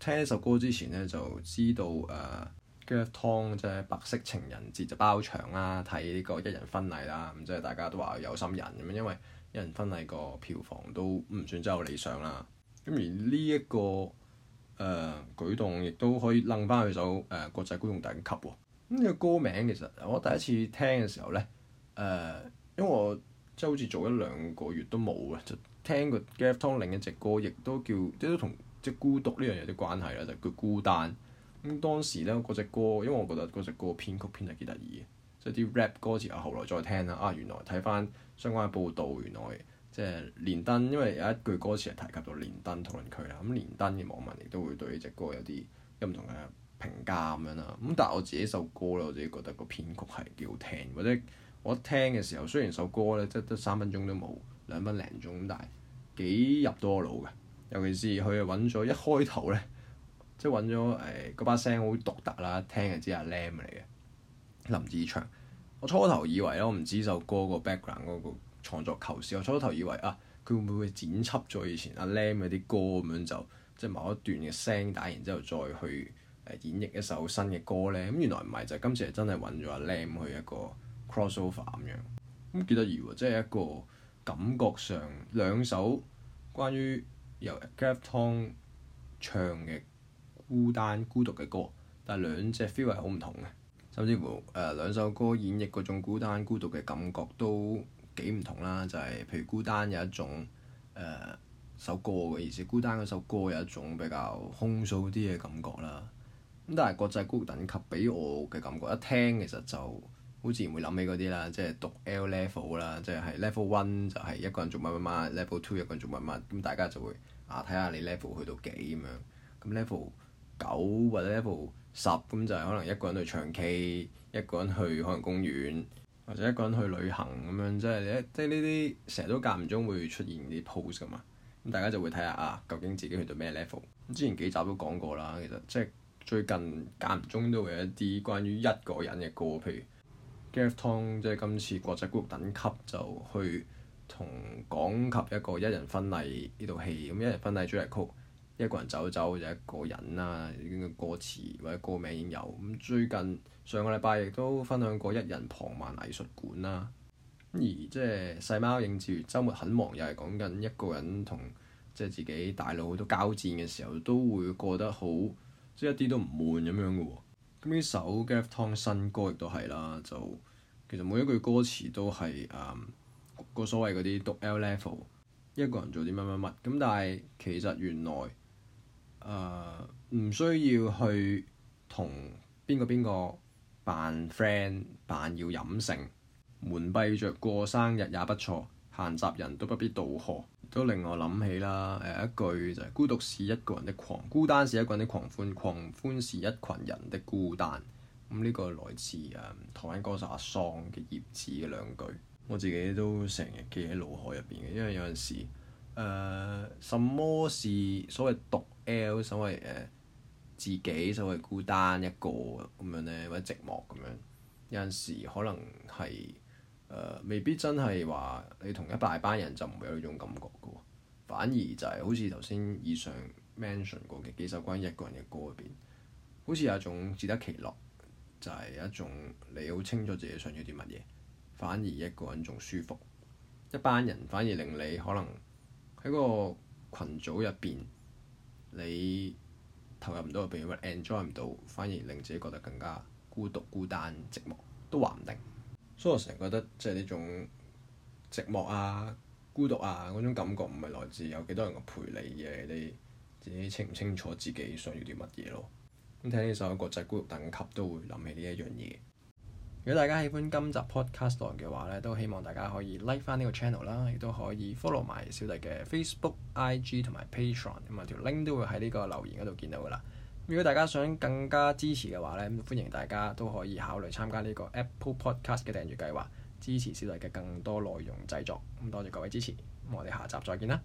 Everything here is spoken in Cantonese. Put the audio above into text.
聽呢首歌之前咧，就知道誒 Gareth.T 即係白色情人節就包場啦，睇呢個一人婚禮啦，咁即係大家都話有心人咁樣，因為一人婚禮個票房都唔算真係理想啦。咁而呢、這、一個誒、呃、舉動亦都可以擰翻佢首誒、呃、國際孤獨等級喎。咁呢個歌名其實我第一次聽嘅時候咧，誒、呃、因為我即係好似做咗一兩個月都冇嘅，就聽過 Gareth.T 另一隻歌，亦都叫即都同。即係孤獨呢樣嘢啲關係啦，就叫、是、孤單。咁、嗯、當時咧嗰隻歌，因為我覺得嗰隻歌編曲編得幾得意嘅，即係啲 rap 歌詞啊，後來再聽啦，啊原來睇翻相關嘅報道，原來,原來即係連登，因為有一句歌詞係提及到連登討論區啦。咁、嗯、連登嘅網民亦都會對呢隻歌有啲有唔同嘅評價咁樣啦。咁、嗯、但係我自己首歌咧，我自己覺得個編曲係幾好聽，或者我一聽嘅時候雖然首歌咧即係得三分鐘都冇，兩分零鐘，但係幾入多腦嘅。尤其是佢係揾咗一開頭咧，即係揾咗誒嗰把聲好獨特啦，聽就知阿 Lam 嚟嘅林子祥。我初頭以為咧，我唔知首歌個 background 嗰個創作構思。我初頭以為啊，佢會唔會剪輯咗以前阿 Lam 嗰啲歌咁樣就即係某一段嘅聲打，然之後再去誒、呃、演繹一首新嘅歌咧？咁原來唔係，就今、是、次係真係揾咗阿 Lam 去一個 cross over 咁樣。咁幾得意喎！即係一個感覺上兩首關於。由 Gareth.T 唱嘅《孤單》孤獨嘅歌，但兩隻 feel 係好唔同嘅，甚至乎誒、呃、兩首歌演繹嗰種孤單孤獨嘅感覺都幾唔同啦。就係、是、譬如《孤單》有一種誒、呃、首歌嘅意思，《孤單》嗰首歌有一種比較空曠啲嘅感覺啦。咁但係《國際孤獨等級》給俾我嘅感覺，一聽其實就～好自然會諗起嗰啲啦，即係讀 L level 啦，即係 level one 就係一個人做乜乜乜，level two 一個人做乜乜，咁大家就會啊睇下你 level 去到幾咁樣。咁 level 九或者 level 十咁就係可能一個人去唱 K，一個人去海洋公園，或者一個人去旅行咁樣，即係咧即係呢啲成日都間唔中會出現啲 post 噶嘛。咁大家就會睇下啊，究竟自己去到咩 level？咁之前幾集都講過啦，其實即係最近間唔中都會有一啲關於一個人嘅歌，譬如～Gareth.T 即係今次國際孤獨等級就去同講及一個一人婚禮呢套戲，咁一人婚禮主題曲，一個人走走就一個人啦，已經個歌詞或者歌名已經有。咁最近上個禮拜亦都分享過一人傍晚藝術館啦，而即係細貓應住周末很忙，又係講緊一個人同即係自己大佬好多交戰嘅時候，都會過得好即係、就是、一啲都唔悶咁樣嘅喎。咁呢首 Gareth T 新歌亦都係啦，就其實每一句歌詞都係誒，個所謂嗰啲獨 L level 一個人做啲乜乜乜，咁但係其實原來誒唔、呃、需要去同邊個邊個扮 friend，扮要飲勝，門閉着過生日也不錯，閒雜人都不必道賀。都令我諗起啦，誒、呃、一句就係、是、孤獨是一個人的狂，孤單是一個人的狂歡，狂歡是一群人的孤單。咁、嗯、呢、這個來自誒、嗯、台灣歌手阿桑嘅葉子嘅兩句，我自己都成日記喺腦海入邊嘅，因為有陣時誒、呃，什麼是所謂獨 L，所謂誒、呃、自己，所謂孤單一個咁樣咧，或者寂寞咁樣，有陣時可能係。呃、未必真係話你同一大班人就唔會有呢種感覺嘅喎，反而就係好似頭先以上 mention 過嘅幾首關於一個人嘅歌入邊，好似有一種自得其樂，就係一種你好清楚自己想要啲乜嘢，反而一個人仲舒服，一班人反而令你可能喺個群組入邊，你投入唔到入邊，enjoy 唔到，反而令自己覺得更加孤獨、孤單、寂寞，都話唔定。所以我成日覺得，即係呢種寂寞啊、孤獨啊嗰種感覺，唔係來自有幾多人嘅陪你、啊，嘅。你自己清唔清楚自己想要啲乜嘢咯。咁睇呢首《國際孤獨等級》，都會諗起呢一樣嘢。如果大家喜歡今集 Podcast 嘅話咧，都希望大家可以 like 返呢個 channel 啦，亦都可以 follow 埋小弟嘅 Facebook、IG 同埋 Patreon，咁啊條 link 都會喺呢個留言嗰度見到噶啦。如果大家想更加支持嘅話咧，咁歡迎大家都可以考慮參加呢個 Apple Podcast 嘅訂閱計劃，支持小弟嘅更多內容製作。咁多謝各位支持，我哋下集再見啦。